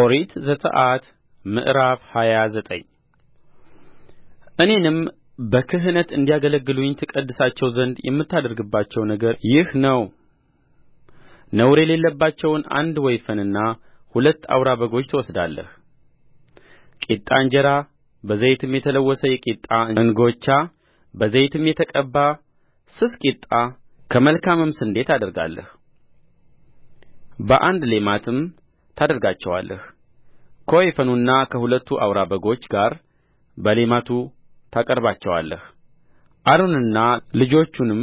ኦሪት ዘጽአት ምዕራፍ ሃያ ዘጠኝ እኔንም በክህነት እንዲያገለግሉኝ ትቀድሳቸው ዘንድ የምታደርግባቸው ነገር ይህ ነው ነውር የሌለባቸውን አንድ ወይፈንና ሁለት አውራ በጎች ትወስዳለህ ቂጣ እንጀራ በዘይትም የተለወሰ የቂጣ እንጐቻ በዘይትም የተቀባ ስስ ቂጣ ከመልካምም ስንዴ ታደርጋለህ በአንድ ሌማትም ታደርጋቸዋለህ ከወይፈኑና ከሁለቱ አውራ በጎች ጋር በሌማቱ ታቀርባቸዋለህ አሮንንና ልጆቹንም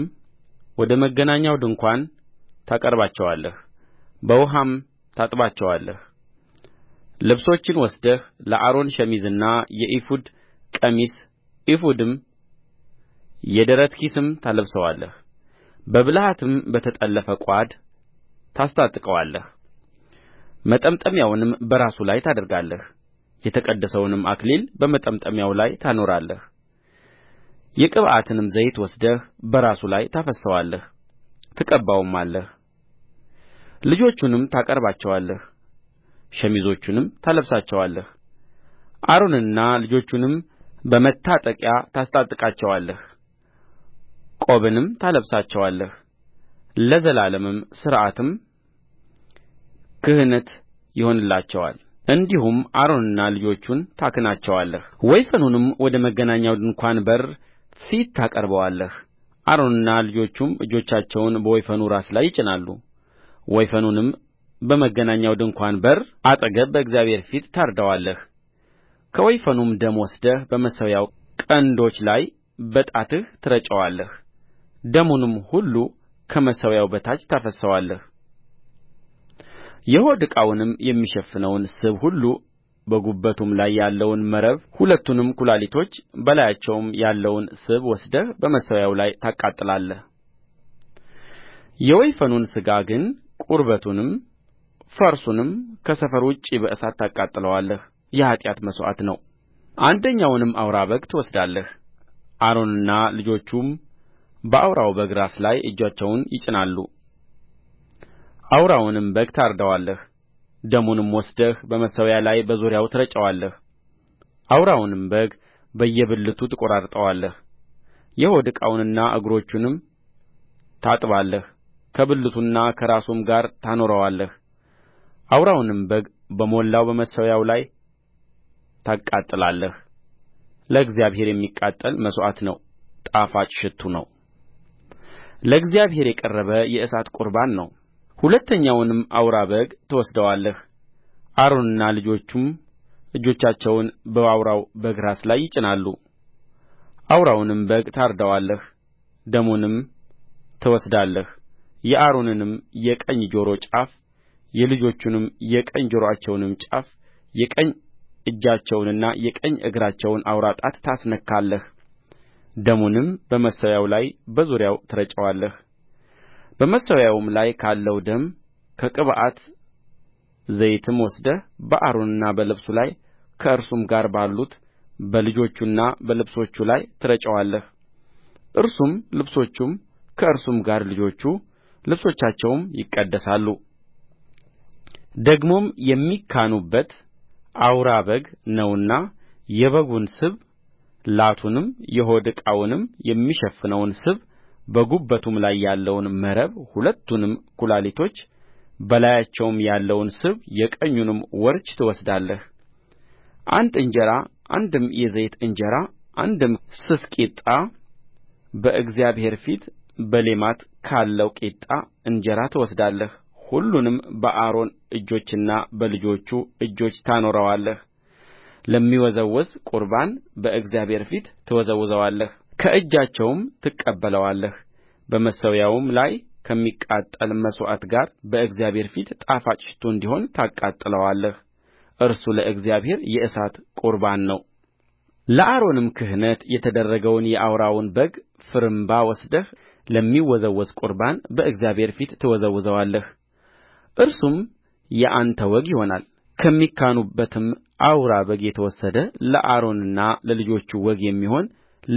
ወደ መገናኛው ድንኳን ታቀርባቸዋለህ በውኃም ታጥባቸዋለህ ልብሶችን ወስደህ ለአሮን ሸሚዝና የኤፉድ ቀሚስ ኤፉድም የደረት ኪስም ታለብሰዋለህ በብልሃትም በተጠለፈ ቋድ ታስታጥቀዋለህ መጠምጠሚያውንም በራሱ ላይ ታደርጋለህ የተቀደሰውንም አክሊል በመጠምጠሚያው ላይ ታኖራለህ የቅብዓትንም ዘይት ወስደህ በራሱ ላይ ታፈስሰዋለህ ትቀባውማለህ ልጆቹንም ታቀርባቸዋለህ ሸሚዞቹንም ታለብሳቸዋለህ አሮንንና ልጆቹንም በመታጠቂያ ታስታጥቃቸዋለህ ቆብንም ታለብሳቸዋለህ ለዘላለምም ሥርዓትም ክህነት ይሆንላቸዋል እንዲሁም አሮንና ልጆቹን ታክናቸዋለህ ወይፈኑንም ወደ መገናኛው ድንኳን በር ፊት ታቀርበዋለህ አሮንና ልጆቹም እጆቻቸውን በወይፈኑ ራስ ላይ ይጭናሉ ወይፈኑንም በመገናኛው ድንኳን በር አጠገብ በእግዚአብሔር ፊት ታርደዋለህ ከወይፈኑም ደም ወስደህ በመሠዊያው ቀንዶች ላይ በጣትህ ትረጨዋለህ ደሙንም ሁሉ ከመሠዊያው በታች ታፈስሰዋለህ የሆድ ዕቃውንም የሚሸፍነውን ስብ ሁሉ በጉበቱም ላይ ያለውን መረብ ሁለቱንም ኵላሊቶች በላያቸውም ያለውን ስብ ወስደህ በመሠዊያው ላይ ታቃጥላለህ የወይፈኑን ሥጋ ግን ቁርበቱንም ፈርሱንም ከሰፈር ውጭ በእሳት ታቃጥለዋለህ የኃጢአት መሥዋዕት ነው አንደኛውንም አውራ በግ ትወስዳለህ አሮንና ልጆቹም በአውራው በግ ራስ ላይ እጆቻቸውን ይጭናሉ አውራውንም በግ ታርደዋለህ ደሙንም ወስደህ በመሠዊያው ላይ በዙሪያው ትረጨዋለህ አውራውንም በግ በየብልቱ ትቈራርጠዋለህ የሆድ ዕቃውንና እግሮቹንም ታጥባለህ ከብልቱና ከራሱም ጋር ታኖረዋለህ አውራውንም በግ በሞላው በመሠዊያው ላይ ታቃጥላለህ ለእግዚአብሔር የሚቃጠል መሥዋዕት ነው፣ ጣፋጭ ሽቱ ነው፣ ለእግዚአብሔር የቀረበ የእሳት ቁርባን ነው። ሁለተኛውንም አውራ በግ ትወስደዋለህ አሮንና ልጆቹም እጆቻቸውን በአውራው በግ ራስ ላይ ይጭናሉ አውራውንም በግ ታርደዋለህ ደሙንም ትወስዳለህ የአሮንንም የቀኝ ጆሮ ጫፍ የልጆቹንም የቀኝ ጆሮአቸውንም ጫፍ የቀኝ እጃቸውንና የቀኝ እግራቸውን አውራ ጣት ታስነካለህ ደሙንም በመሠዊያው ላይ በዙሪያው ትረጨዋለህ በመሠዊያውም ላይ ካለው ደም ከቅብዓት ዘይትም ወስደህ በአሮንና በልብሱ ላይ ከእርሱም ጋር ባሉት በልጆቹና በልብሶቹ ላይ ትረጨዋለህ እርሱም ልብሶቹም ከእርሱም ጋር ልጆቹ ልብሶቻቸውም ይቀደሳሉ። ደግሞም የሚካኑበት አውራ በግ ነውና የበጉን ስብ ላቱንም የሆድ ዕቃውንም የሚሸፍነውን ስብ በጉበቱም ላይ ያለውን መረብ ሁለቱንም ኵላሊቶች በላያቸውም ያለውን ስብ የቀኙንም ወርች ትወስዳለህ አንድ እንጀራ አንድም የዘይት እንጀራ አንድም ስስ ቂጣ በእግዚአብሔር ፊት በሌማት ካለው ቂጣ እንጀራ ትወስዳለህ ሁሉንም በአሮን እጆችና በልጆቹ እጆች ታኖረዋለህ ለሚወዘወዝ ቍርባን በእግዚአብሔር ፊት ትወዘውዘዋለህ ከእጃቸውም ትቀበለዋለህ በመሠዊያውም ላይ ከሚቃጠል መሥዋዕት ጋር በእግዚአብሔር ፊት ጣፋጭ ሽቱ እንዲሆን ታቃጥለዋለህ እርሱ ለእግዚአብሔር የእሳት ቍርባን ነው ለአሮንም ክህነት የተደረገውን የአውራውን በግ ፍርምባ ወስደህ ለሚወዘወዝ ቍርባን በእግዚአብሔር ፊት ትወዘውዘዋለህ እርሱም የአንተ ወግ ይሆናል ከሚካኑበትም አውራ በግ የተወሰደ ለአሮንና ለልጆቹ ወግ የሚሆን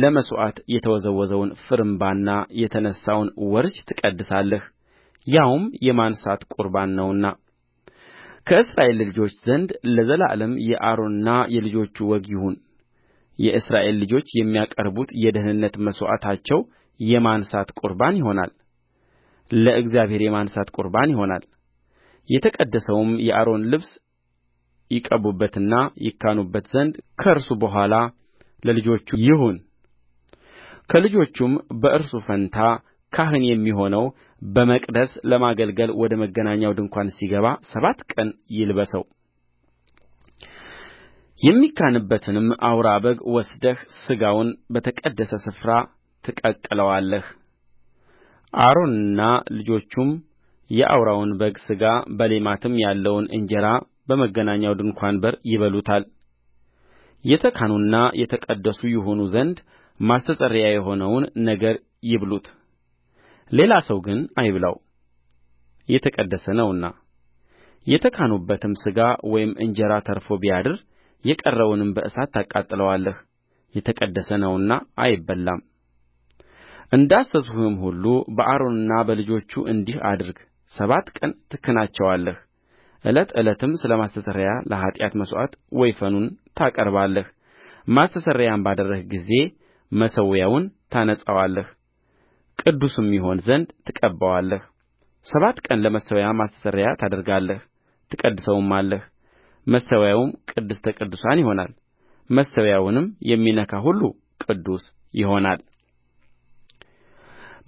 ለመሥዋዕት የተወዘወዘውን ፍርምባና የተነሣውን ወርች ትቀድሳለህ ያውም የማንሣት ቍርባን ነውና ከእስራኤል ልጆች ዘንድ ለዘላለም የአሮንና የልጆቹ ወግ ይሁን የእስራኤል ልጆች የሚያቀርቡት የደኅንነት መሥዋዕታቸው የማንሣት ቍርባን ይሆናል ለእግዚአብሔር የማንሣት ቍርባን ይሆናል የተቀደሰውም የአሮን ልብስ ይቀቡበትና ይካኑበት ዘንድ ከእርሱ በኋላ ለልጆቹ ይሁን ከልጆቹም በእርሱ ፋንታ ካህን የሚሆነው በመቅደስ ለማገልገል ወደ መገናኛው ድንኳን ሲገባ ሰባት ቀን ይልበሰው የሚካንበትንም አውራ በግ ወስደህ ሥጋውን በተቀደሰ ስፍራ ትቀቅለዋለህ አሮንና ልጆቹም የአውራውን በግ ሥጋ በሌማትም ያለውን እንጀራ በመገናኛው ድንኳን በር ይበሉታል የተካኑና የተቀደሱ ይሆኑ ዘንድ ማስተስረያ የሆነውን ነገር ይብሉት ሌላ ሰው ግን አይብላው የተቀደሰ ነውና የተካኑበትም ሥጋ ወይም እንጀራ ተርፎ ቢያድር የቀረውንም በእሳት ታቃጥለዋለህ የተቀደሰ ነውና አይበላም እንዳዘዝሁህም ሁሉ በአሮንና በልጆቹ እንዲህ አድርግ ሰባት ቀን ትክናቸዋለህ ዕለት ዕለትም ስለ ማስተስረያ ለኃጢአት መሥዋዕት ወይፈኑን ታቀርባለህ ማስተስረያም ባደረግህ ጊዜ መሠዊያውን ታነጻዋለህ ቅዱስም ይሆን ዘንድ ትቀባዋለህ ሰባት ቀን ለመሠዊያው ማስተስረያ ታደርጋለህ ትቀድሰውማለህ መሠዊያውም ቅድስተ ቅዱሳን ይሆናል መሠዊያውንም የሚነካ ሁሉ ቅዱስ ይሆናል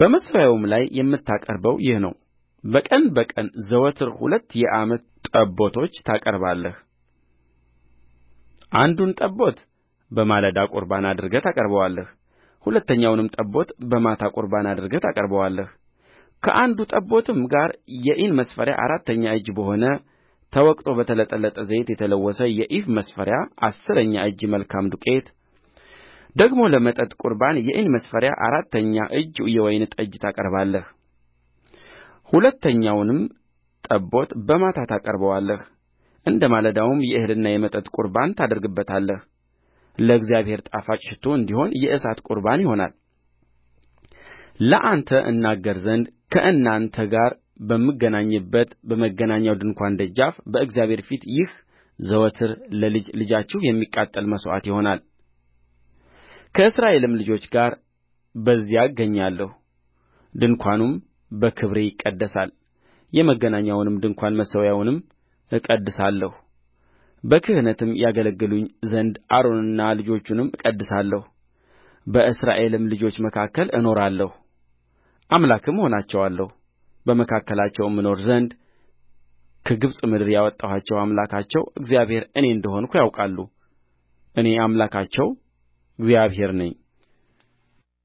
በመሠዊያውም ላይ የምታቀርበው ይህ ነው በቀን በቀን ዘወትር ሁለት የዓመት ጠቦቶች ታቀርባለህ አንዱን ጠቦት በማለዳ ቍርባን አድርገህ ታቀርበዋለህ ሁለተኛውንም ጠቦት በማታ ቍርባን አድርገህ ታቀርበዋለህ ከአንዱ ጠቦትም ጋር የኢን መስፈሪያ አራተኛ እጅ በሆነ ተወቅጦ በተጠለለ ዘይት የተለወሰ የኢፍ መስፈሪያ አሥረኛ እጅ መልካም ዱቄት ደግሞ ለመጠጥ ቍርባን የኢን መስፈሪያ አራተኛ እጅ የወይን ጠጅ ታቀርባለህ ሁለተኛውንም ጠቦት በማታ ታቀርበዋለህ እንደ ማለዳውም የእህልና የመጠጥ ቍርባን ታደርግበታለህ ለእግዚአብሔር ጣፋጭ ሽቱ እንዲሆን የእሳት ቍርባን ይሆናልለአንተ እናገር ዘንድ ከእናንተ ጋር በምገናኝበት በመገናኛው ድንኳን ደጃፍ በእግዚአብሔር ፊት ይህ ዘወትር ለልጅ ልጃችሁ የሚቃጠል መሥዋዕት ይሆናል ከእስራኤልም ልጆች ጋር በዚያ እገኛለሁ። ድንኳኑም በክብሬ ይቀደሳል የመገናኛውንም ድንኳን መሠዊያውንም እቀድሳለሁ በክህነትም ያገለግሉኝ ዘንድ አሮንንና ልጆቹንም እቀድሳለሁ በእስራኤልም ልጆች መካከል እኖራለሁ አምላክም እሆናቸዋለሁ በመካከላቸውም እኖር ዘንድ ከግብፅ ምድር ያወጣኋቸው አምላካቸው እግዚአብሔር እኔ እንደ ሆንሁ ያውቃሉ እኔ አምላካቸው እግዚአብሔር ነኝ